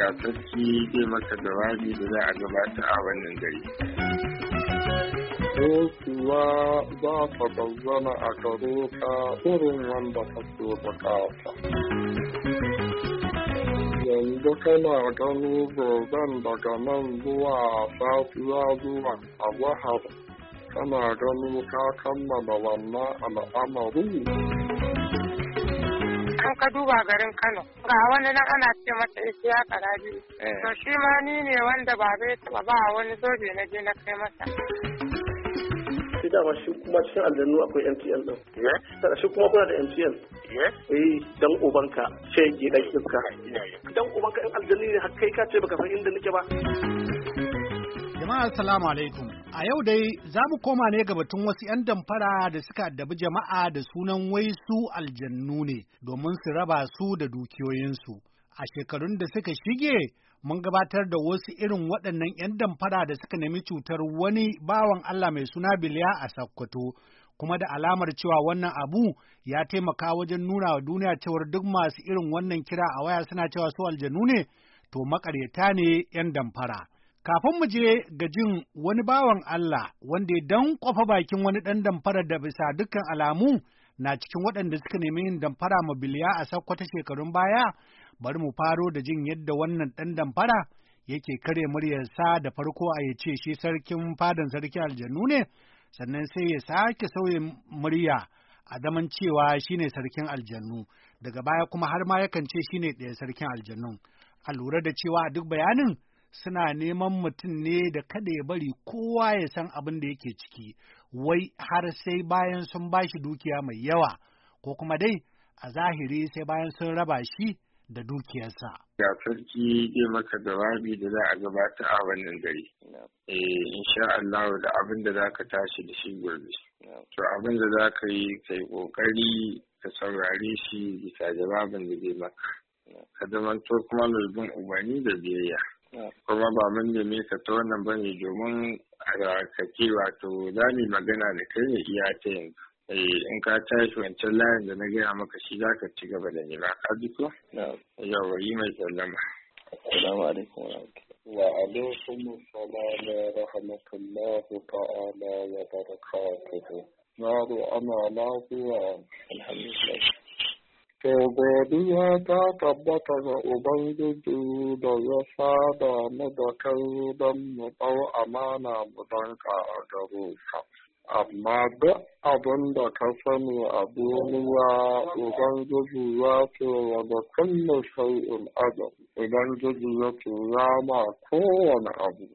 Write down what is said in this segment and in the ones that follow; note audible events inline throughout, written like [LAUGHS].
sarki zai masa jawabi da za a gabata a wannan gari. Dokuwa eh, za ta bazzana a karo ka irin wanda ka so bukata. Yanzu kana gano goben daga nan zuwa safiya zuwa a wahar kana gano ka kammala wannan al'amarin. in ka duba garin Kano ga wani nan ana ce masa ya karabi eh. to shi ma ni ne wanda ba zai taba ba wani zobe na je na kai masa shi dama shi kuma cikin aljannu akwai MTN ɗin. din shi kuma kuna da MTN eh dan ubanka ke dan iska dan ubanka in aljanu ne har kai ka ce baka san inda nake ba Jama'a salamu alaikum. A yau dai za mu koma ne ga batun wasu 'yan damfara da suka addabi jama'a da sunan waisu aljannu ne domin su raba su da dukiyoyinsu. A shekarun da suka shige mun gabatar da wasu irin waɗannan 'yan damfara da suka nemi cutar wani bawan Allah mai suna Biliya a Sakkwato. Kuma da alamar cewa wannan abu ya taimaka wajen nuna wa duniya cewar duk masu irin wannan kira a waya suna cewa su aljannu ne, to makaryata ne 'yan damfara. Kafin mu je ga jin wani bawan Allah wanda ya dan kwafa bakin wani ɗan damfara da bisa dukkan alamu na cikin waɗanda suka nemi yin damfara ma biliya a sakkwata shekarun baya, bari mu faro da jin yadda wannan ɗan damfara yake kare muryarsa da farko a ya ce shi sarkin fadan sarki aljannu ne, sannan sai ya sake sauya murya a zaman cewa ne sarkin aljannu, daga baya kuma har ma yakan ce shi ne ɗaya sarkin aljannun. A lura da cewa duk bayanin suna neman mutum ne da kada ya bari kowa ya san abin da yake ciki, wai har sai bayan sun ba shi dukiya mai yawa, ko kuma dai a zahiri sai bayan sun raba shi da dukiyarsa. Ya sarki zai maka jawabi da za a gabata a wannan gari. Eh, insha Allah da abin da za ka tashi da shi gurbi. To abin da za ka yi kai kokari ƙoƙari ka saurare shi bisa jawabin da zai maka. Ka kuma mai umarni da biyayya. kuma ba mun neme ka ta wannan ba ne domin ka ce wato za mu magana da kai ne iya ta yanzu eh, in ka tashi wancan layin da na gaya maka shi za ka ci gaba da nema ka ji ko yawa yi mai sallama assalamu alaikum wa alaikum assalam wa rahmatullahi ta'ala wa barakatuh na ana lafiya alhamdulillah godiya ta tabbata ga Ubangiji da ya saba mu da kai don mu ɗau amana mu danka a gare ka. Amma duk abin da ka sani a duniya Ubangiji ya ce wa da kulle shay'in adam. Ubangiji ya ce ya ma kowane abu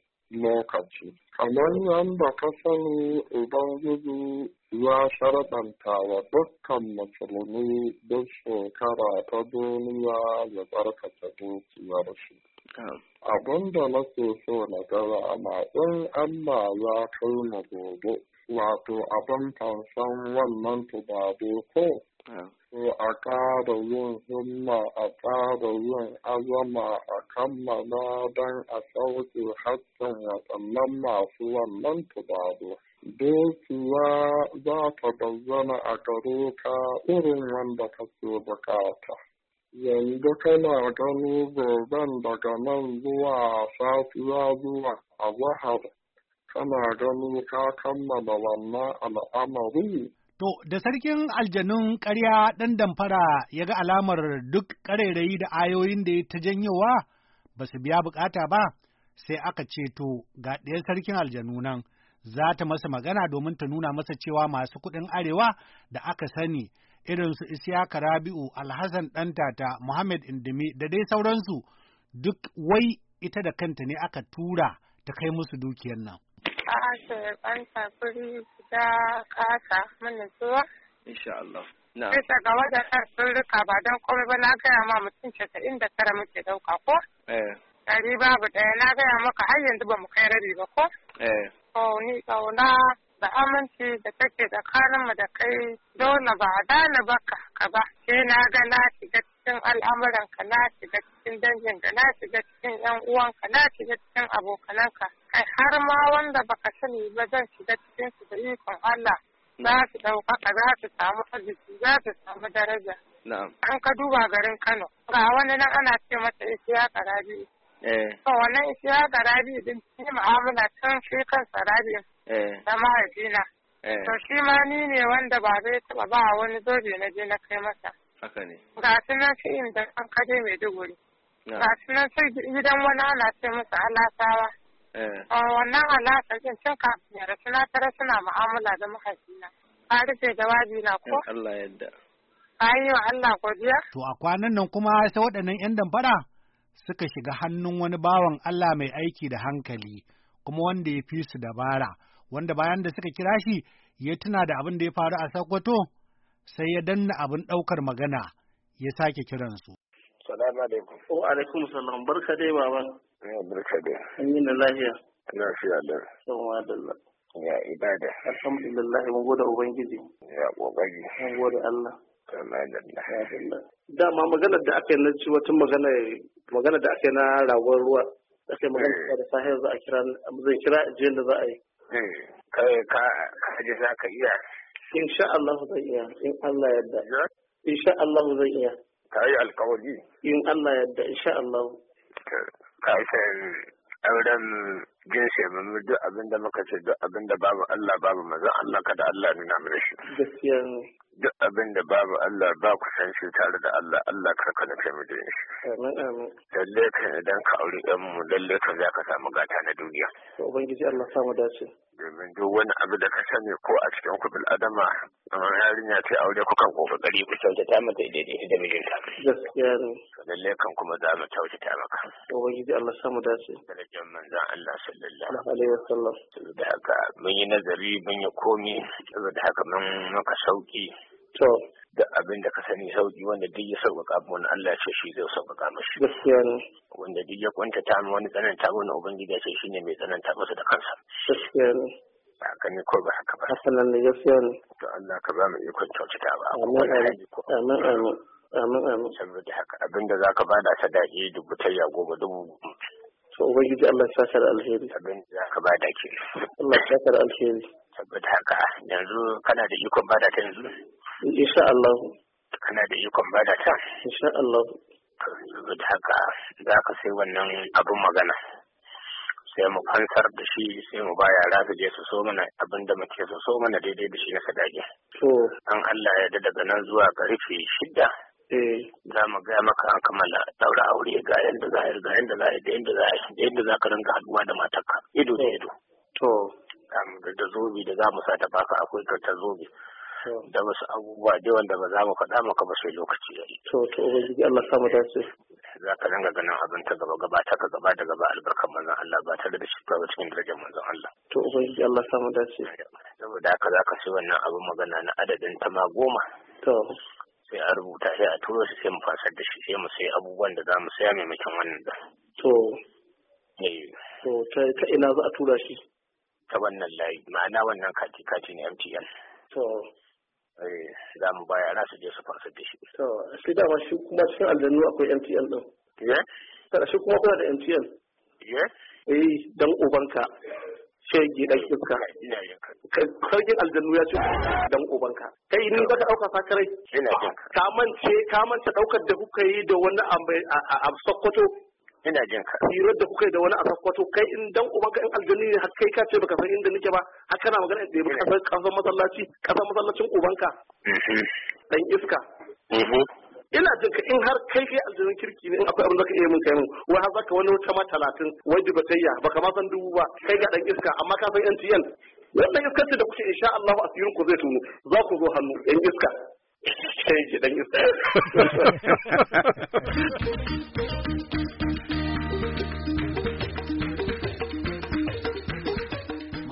lokaci. Kamar yadda ka sani Ubangiji ya sharɗanta wa dukkan musulmi duk shekara ta duniya ya tsarkake dukiyarsu. Abin da nake so na gaba ma in Allah ya kai mu gobe, wato abin fansan wannan tubabe ko To a ƙara yin himma a ƙara yin azama a kammala don a sauke haƙƙin waɗannan masu wannan tubabe. Dokiya za ta bazzana a gare ka irin wanda kake bukata. Yanzu kana gano goben daga nan zuwa safiya zuwa a zahar, kana gano ka kammala wannan al'amari. To, da sarkin aljanun ƙarya ɗan damfara ya ga alamar duk ƙarairayi da ayoyin da ya ta janyowa ba su biya bukata ba, sai aka ce to ga ɗayan sarkin aljanu nan, za ta masa magana domin ta nuna masa cewa masu kuɗin arewa da aka sani irinsu su Isiyaka Rabi'u, Alhassan Ɗantata, Muhammad Indimi da dai sauransu duk wai ita da kanta ne aka tura ta kai musu dukiyar nan. A'a, sai ga sun rika ba don komai ba na gaya ma mutum 99 da tara muke ɗauka ko? Eh. ɗari babu ɗaya na gaya maka har yanzu ba mu kai rabi ba ko? Eh. ni ƙauna da aminci da take tsakaninmu da kai dole ba a dana ba ka ba sai na ga na shiga cikin al'amuran ka, na shiga cikin dangin ka, na shiga cikin yan uwanka na shiga cikin abokananka kai har ma wanda ba ka sani ba zan shiga cikin su da ikon Allah za su ɗaukaka za su samu arziki za su samu daraja. An ka duba garin Kano. Ga wani nan ana ce mata isiya karabi Eh. To wannan ya da rabi din ni mu'amala tun shi kansa rabi eh. na mahaifina. Eh. To shi ma ni ne wanda ba zai taɓa ba wani zobe na je na kai masa. Haka ne. Ga su nan shi inda an kaje duguri. Ga su nan sai gidan wani ana ce masa alasawa. Wannan alasa din tun ka ya rasu na tara suna mu'amala da mahaifina. Ka rufe jawabi na ko? Allah yadda. Ayyo wa Allah godiya. To a kwanan nan kuma sai waɗannan 'yan damfara suka shiga hannun wani bawan Allah mai aiki da hankali, kuma wanda ya fi su dabara, wanda bayan da suka kira shi ya tuna da abin da ya faru a Sokoto, sai ya danna abin ɗaukar magana ya sake kiransu. Salamu alaikum. Wa alaikum salam. Barka dai baba. Ya eh, barka dai. An na lafiya. Lafiya da. Yawwa da Ya ibada. Alhamdulillah mun gode Ubangiji. Ya Ubangiji. Mun gode Allah. dama maganar da aka yi na ci wata magana magana da aka yi na ragon ruwa aka yi magana eh. da sahi za a kira zan kira ajiyar da za a yi eh, ka je za ka iya insha Allah zan iya in Allah yadda insha Allah zan iya ka yi alkawari in Allah yadda insha Allah ka san auren jinsi mamu duk abinda muka ce duk abinda babu Allah babu maza Allah kada Allah nuna mana shi gaskiya ne duk abin da babu Allah ba ku san shi tare da Allah Allah kar ka nufe mu da shi lalle kan idan ka auri ɗan mu lalle kan za ka samu gata na duniya ubangiji Allah samu dace domin duk wani abu da ka sani ko a cikin ku bil adama kamar yarinya ce aure ku kan gari ku ta mata daidai da mijinta gaskiya ne lalle kan kuma za mu ta maka ubangiji Allah samu dace darajar manzan Allah sallallahu alaihi wasallam da haka mun yi nazari mun yi komi saboda haka mun maka sauki To. Da abin da ka sani sauki wanda duk ya sauƙaƙa wani Allah ce shi zai sauƙaƙa mashi. Gaskiya ne. Wanda duk ya ta mu wani tsananta mana Ubangiji ce shi ne mai tsananta masa da kansa. Gaskiya ne. Ba ka ne ko ba haka ba. Hasanan ne gaskiya ne. To Allah ka ba mu ikon kyautata ba. Amin amin. Amin amin. Amin Saboda haka abin da za ka ba da sadaki dubu tayya goma dubu to ubangiji Allah ya saka da alheri abin da ka bada ke Allah ya saka da alheri saboda haka yanzu kana da ikon bada ta yanzu insha Allah kana da ikon bada ta insha Allah da haka za ka sai wannan abin magana sai mu fansar da shi sai mu ba yara su je su so mana abin da muke su so mana daidai da shi na sadaki to an Allah ya daga nan zuwa karfe shida eh. za mu gaya maka an kammala daura aure ga yadda za a yi ga yadda za a yi da yadda za a yi da yadda za ka rinka haduwa da matarka ido da ido to da zobi da za mu sa ta baka akwai ta zobi da wasu abubuwa dai wanda ba za mu faɗa maka ba sai lokaci ya yi. To to ubangiji Allah sa mu dace. Za ka dinga ganin abin ta gaba gaba ta ka gaba da gaba albarkar manzon Allah ba tare da shi ba cikin darajar manzon Allah. To ubangiji Allah sa mu dace. Saboda haka za ka ci wannan abin magana na adadin ta ma goma. To. Sai a rubuta sai a turo shi sai mu fasar da shi sai mu sai abubuwan da za mu saya maimakon wannan da. To. Eh. To ta ina za a tura shi? Ta wannan layi ma'ana wannan kati kati ne MTN. To. Eh, za mu baya na su je su farsa da shi. To, shi dama shi kuma cikin aljanu akwai MTN ɗin. Ye? Tara shi kuma kuna da MTN. Ye? Eh, dan ubanka. Shege dan iska. Sarkin aljanu ya ce dan ubanka. Kai ni ka ɗauka fakarai. Ina jinka. Ka mance, ka mance ɗaukar da kuka yi da wani a Sokoto. ina jin ka hirar da kuka yi da wani a kwato kai in dan uban ka in aljanni ne kai ka ce baka san inda nake ba har kana magana da ba kasar kasar masallaci kasar masallacin uban ka. Mm-hmm. dan iska mm-hmm. ina jin ka in har kai kai aljanni kirki ne in akwai abin da ka iya mun kai mun wai har zaka wani wata ma talatin wai dubatayya baka ma san dubu ba kai ga dan iska amma ka san yan wannan iskar ce da kuke insha Allah asirin ku zai tuno za ku zo hannu yan iska sai [LAUGHS] ki dan iska [LAUGHS]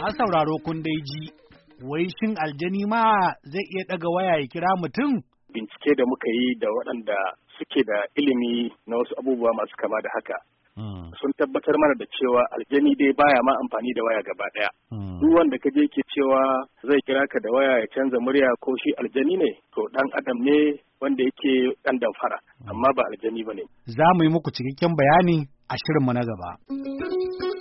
A sauraro kun dai ji wai shin aljani ma zai iya ɗaga waya ya kira mutum? Bincike da muka yi da waɗanda suke da ilimi na wasu abubuwa masu kama da haka. Hmm. Sun tabbatar mana da cewa aljani dai baya ma amfani da waya gaba ɗaya. Hmm. Duk wanda ka je ke cewa zai kira ka da waya ya canza murya ko shi aljani ne, to dan adam ne wanda yake ɗan damfara, hmm. amma ba aljani ba ne. Za mu yi muku cikakken bayani a shirinmu na gaba.